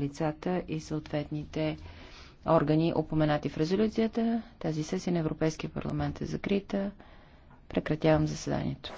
лицата и съответните органи, упоменати в резолюцията. Тази сесия на Европейския парламент е закрита. Прекратявам заседанието.